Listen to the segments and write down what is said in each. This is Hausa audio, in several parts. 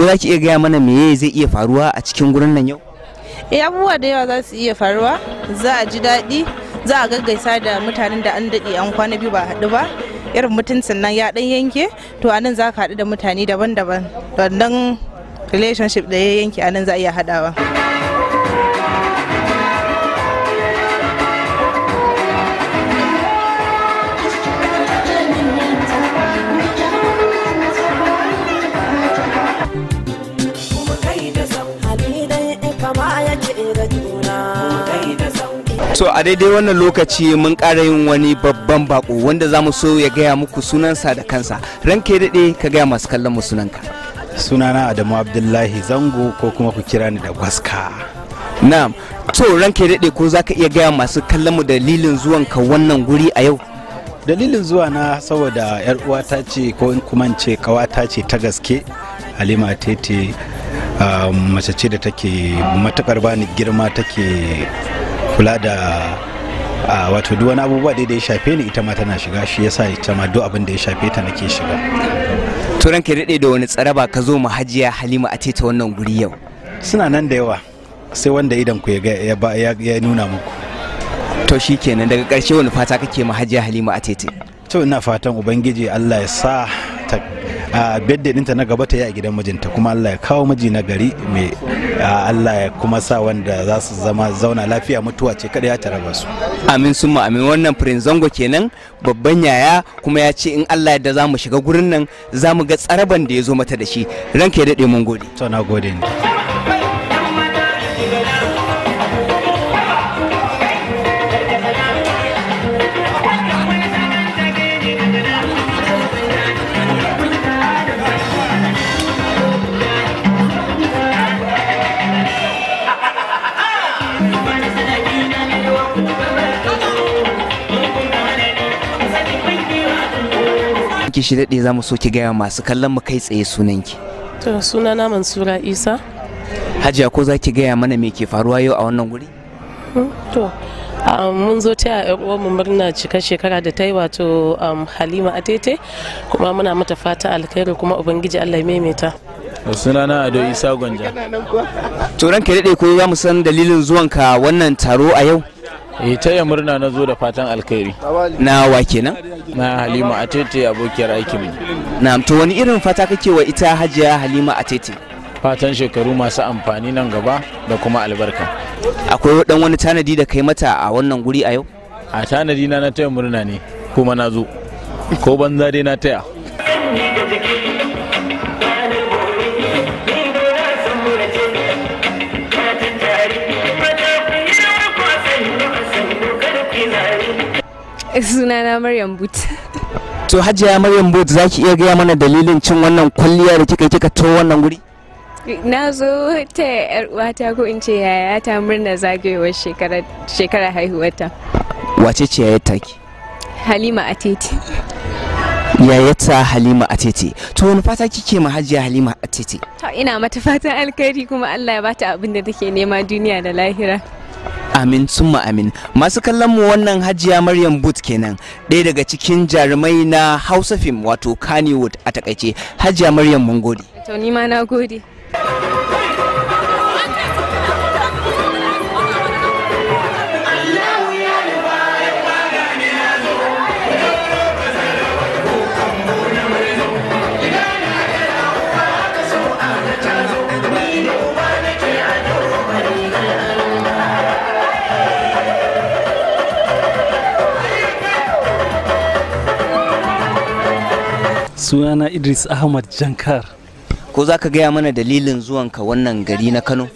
ko za ki iya gaya mana me zai iya faruwa a cikin gurin nan yau eh abubuwa da yawa za su iya faruwa za a ji daɗi za a gaggaisa da mutanen da an daɗe an kwana biyu ba haɗu ba irin mutuncin nan ya ɗan yanke to a nan za ka haɗu da mutane daban-daban wannan relationship da ya yanke a nan za a iya haɗawa. so a daidai wannan lokaci mun ƙara yin wani babban bako wanda za mu so ya gaya muku sunansa da kansa ranke daɗe ka gaya masu kallon mu sunanka sunana adamu abdullahi zango ko kuma ku kira ni da gwaska na'am to ranke daɗe ko za ka iya gaya masu kallon mu dalilin zuwanka wannan guri a yau dalilin zuwa na saboda yar uwata ce ko kuma ce kawata ce ta gaske halima tete um, mace ce da take matakar bani girma take kula da a wato duk wani abubuwa da ya shafe ni ita ma tana shiga shi yasa ita ma duk abin da ya shafe ta nake shiga turan ka daɗe da wani tsaraba ka zo mahajiya halima a ta wannan guri yau suna nan da yawa sai wanda idan ku ya nuna muku to shi kenan daga karshe wani fata kake mahajiya halima a tete to ina fatan ubangiji allah ya sa ta bedde ɗinta na gaba ta yi a gidan mijinta kuma Allah ya kawo miji na gari mai Allah ya kuma sa wanda za su zama zauna lafiya mutuwa ce kada ya tara ba su amin sun amin wannan prince zango kenan babban yaya kuma ya ce in Allah yadda za mu shiga gurin nan za mu ga tsaraban da ya zo mata da shi ranka ya daɗe mun gode to na gode ne ki shi daɗe za mu so ki gaya masu kallon mu kai tsaye sunanki. To sunana Mansura Isa. Hajiya ko za ki gaya mana me ke faruwa yau a wannan guri? Hmm, to um, mun zo ta yar mu murna cika shekara da ta yi wato um, Halima Atete kuma muna mata fata alkhairi kuma ubangiji Allah ya maimaita. sunana Ado Isa Gonja. To ranka daɗe ko za mu san dalilin zuwanka wannan taro a yau? eh taya murna na zo da fatan alkhairi na wa kenan na halima atete abokiyar aikin mu na to wani irin fata kake wa ita hajiya halima a atete fatan shekaru masu amfani nan gaba da kuma albarka akwai dan wani tanadi da kai mata a wannan guri a yau a tanadi na na taya murna ne kuma na zo ko banza dai na taya sunana Maryam But. To Hajiya Maryam But za ki iya gaya mana dalilin cin wannan kwalliya da kika kika to wannan guri? Na zo ta yar uwata ko in ce yayata murna zagayowar shekarar haihuwarta. Wace ce ta ki? Halima Atete. ta Halima Atete. To wani fata kike ma Hajiya Halima Atete? To ina mata fatan alkhairi kuma Allah ya bata abin da take nema duniya da lahira. amin summa amin masu kallon mu wannan hajiya maryam boot kenan ɗaya daga cikin jarumai na hausa fim wato kannywood a takaice hajiya maryam mun gode to ni na gode sunana idris ahmad jankar ko za ka gaya mana dalilin zuwanka wannan gari na kano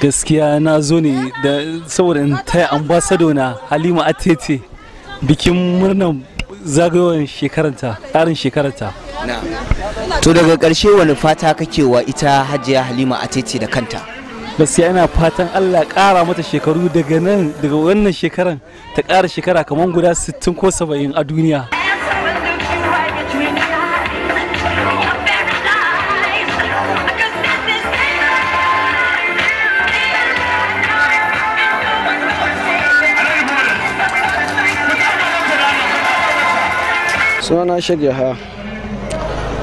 gaskiya na zo ne da saboda in taya ambasado na halima atete bikin murnar zagayowar shekaranta karin shekaranta to daga ƙarshe wani fata kake wa ita hajiya halima atete da kanta gaskiya ina fatan allah ƙara mata shekaru daga nan daga wannan shekaran ta ƙara shekara kamar guda 60 ko 70 a duniya sunana shek yahaya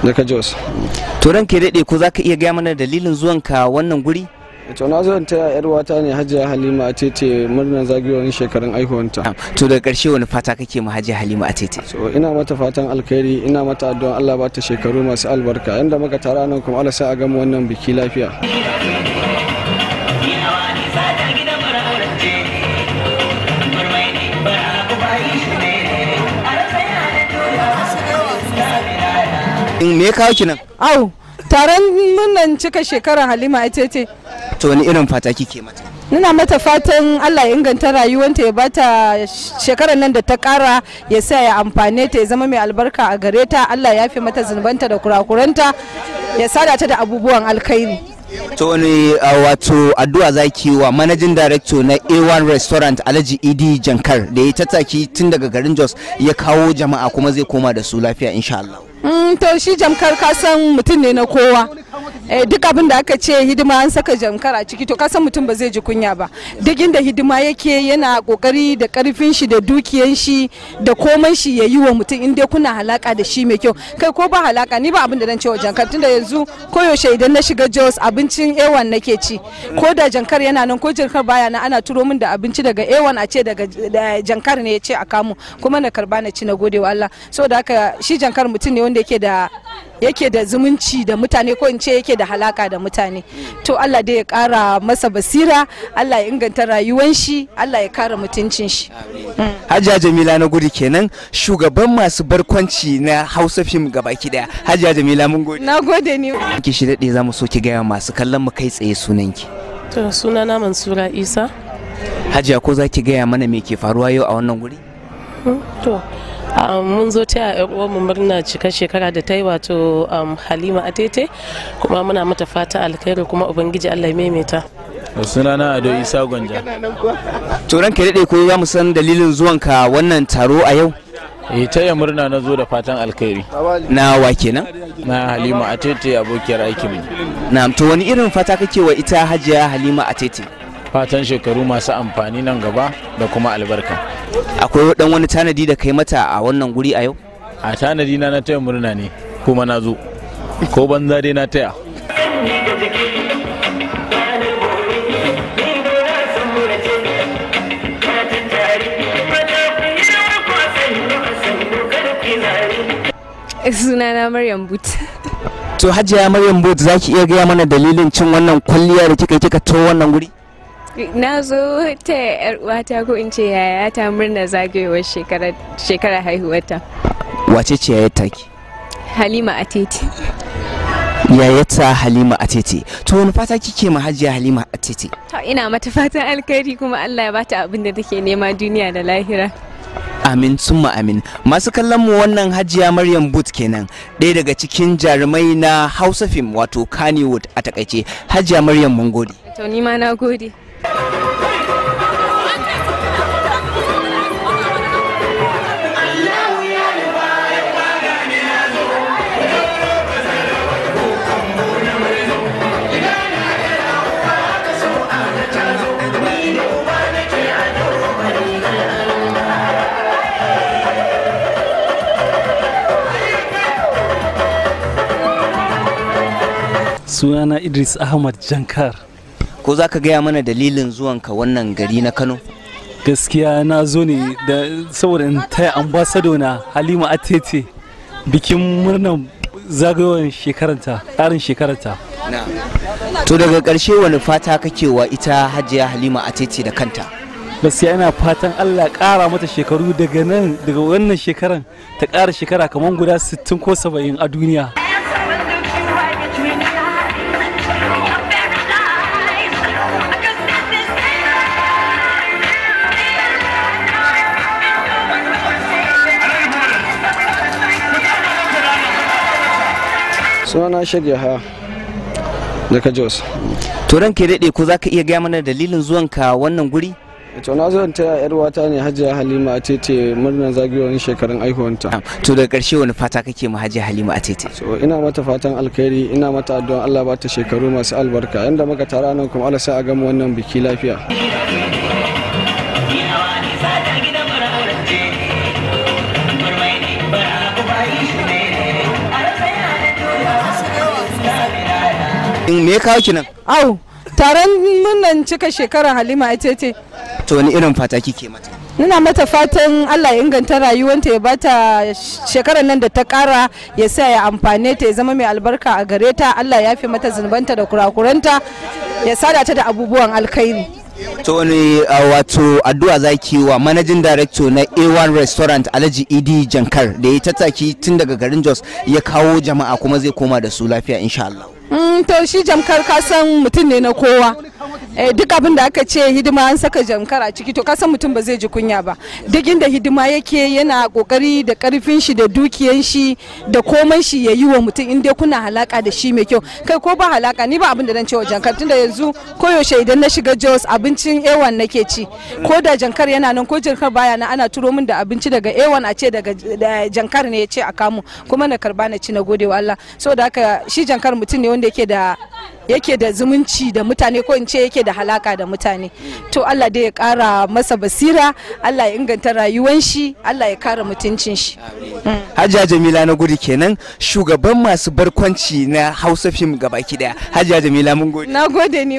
daga jos to ran ke daɗe ko za ka iya gaya mana dalilin zuwan ka wannan guri to na zo ta yar wata ne hajiya halima a tete murnar zagayowar shekarun aihuwanta to daga karshe wani fata kake ma hajiya halima a tete so ina mata fatan alkhairi ina mata addu'an allah ba ta shekaru masu albarka yanda muka tara nan kuma allah sai a gama wannan biki lafiya me ya ki nan au taron murnan cika shekara halima ita ce to wani irin fata kike mata nuna mata fatan Allah ya inganta rayuwanta ya bata shekarar nan da ta kara ya sa ya amfane ta ya zama mai albarka a gare ta Allah ya fi mata zunubanta da kurakuranta ya sada ta da abubuwan alkhairi to wani wato addu'a zaki wa manajin director na a1 restaurant alhaji idi jankar da ya tattaki tun daga garin jos ya kawo jama'a kuma zai koma da su lafiya insha Allah. Mm, to shi jamkar kasan mutum ne na kowa Eh, duk abin da aka ce hidima an saka jankar a ciki to kasan mutum ba zai ji kunya ba duk inda hidima yake yana kokari da karfin shi da dukiyan shi da komai shi ya yi wa mutum in dai kuna halaka da shi mai kyau kai ko ba halaka ni ba abin da dan cewa jankar tunda yanzu koyaushe idan na shiga jos abincin a1 nake ci ko da jankar yana nan ko jankar baya na ana turo min da abinci daga a1 a ce daga jankar ne ya ce a kamu kuma na karba na ci na gode wa Allah saboda haka shi jankar mutum ne wanda yake da yake da zumunci da mutane ko in ce yake da halaka da mutane to Allah dai ya kara masa basira Allah ya inganta rayuwan shi Allah ya kara mutuncin shi mm. Hajiya Jamila na gudu kenan shugaban masu barkwanci na Hausa film gabaki daya Hajiya Jamila mun gode na gode ni ki shi dade zamu so ki gaya masu kallon mu kai tsaye ki to sunana Mansura Isa Hajiya ko zaki gaya mana me ke faruwa yau a wannan guri hmm, to Um, mun zo ta yan mu murna cika shekara da ta yi wato um, halima a Tete, kuma muna mata fata alkhairi kuma ubangiji allah ya maimaita sunana ado isa gwanja turan ka daɗe ko za mu san dalilin zuwanka wannan taro a yau E, eh, ta yi murna na zo da fatan alkhairi na wa kenan na halima a Tete abokiyar aikin na to wani irin fata kake wa ita hajiya halima a Tete. fatan shekaru masu amfani nan gaba da kuma albarka akwai dan wani tanadi da kai mata a wannan guri a yau a tanadi na na taya murna ne kuma na zo ko banza dai na taya suna na maryam but to hajiya maryam but za ki iya gaya mana dalilin cin wannan kwalliya da kika kika to wannan guri na zo ta yar uwata ko in ce "Yaya ta murna zagayowar shekarar haihuwarta wace ce ta ki halima atete ta halima atete to wani fata kike ma hajiya halima atete ina mata fatan alkhairi kuma allah ya bata abin da take nema duniya da lahira amin summa amin masu kallon mu wannan hajiya maryam boot kenan ɗaya daga cikin jarumai na hausa fim wato kannywood a takaice hajiya maryam mun gode to ni ma na gode sunana idris ahmad jankar ko za ka gaya mana dalilin zuwanka wannan gari na kano gaskiya na zo ne da saboda in taya ambasado na halima atete bikin murnar zagayowar shekaranta ƙarin shekaranta to daga ƙarshe wani fata kake wa ita hajiya halima atete da kanta gaskiya ina fatan allah ƙara mata shekaru daga nan daga wannan shekaran ta ƙara shekara kamar guda 60 ko 70 a duniya sunana shag yahaya daga jos to ke daɗe ko za ka iya gaya mana dalilin zuwan ka wannan guri to na zo ta yar wata ne hajiya halima a tete murnar zagayowar shekarun aihuwanta to daga karshe wani fata kake ma hajiya halima a tete so ina mata fatan alkhairi ina mata addu'an allah ba ta shekaru masu albarka yanda muka tara nan kuma allah sai a gama wannan biki lafiya taron me ki nan au taron cika shekara halima ita ce to wani irin fata kike mata nuna mata fatan allah ya inganta rayuwanta ya bata shekarar nan da ta kara ya sa ya amfane ta ya zama mai albarka a gare ta allah ya fi mata zunubanta da kurakuranta ya sada ta da abubuwan alkhairi to wani wato addu'a zaki wa manajin director na A1 restaurant Alhaji Idi Jankar da ya tattaki tun daga garin Jos ya kawo jama'a kuma zai koma da su lafiya insha Allah Mm, to shi jamkar ka san mutum ne na kowa eh, duk abin da aka ce hidima an saka jamkar a ciki to ka san mutum ba zai ji kunya ba duk inda hidima yake yana kokari da karfin shi da dukiyan shi da koman shi ya yi wa mutum in dai kuna halaka da shi mai kyau kai ko ba halaka ni ba abin da zan ce wa jamkar tunda yanzu koyaushe idan na shiga jos abinci. kullun ewan nake ci ko da jankar yana nan ko jankar baya nan ana turo min da abinci daga ewan a ce daga jankar ne ya ce a kamu kuma na karba na ci na gode wa Allah saboda haka shi jankar mutum ne wanda yake da yake da zumunci da mutane ko in ce yake da halaka da mutane to Allah dai ya kara masa basira Allah ya inganta rayuwan shi Allah ya kara mutuncin shi Hajiya Jamila na gudu kenan shugaban masu barkwanci na Hausa Film gabaki daya Hajiya Jamila mun gode na gode ni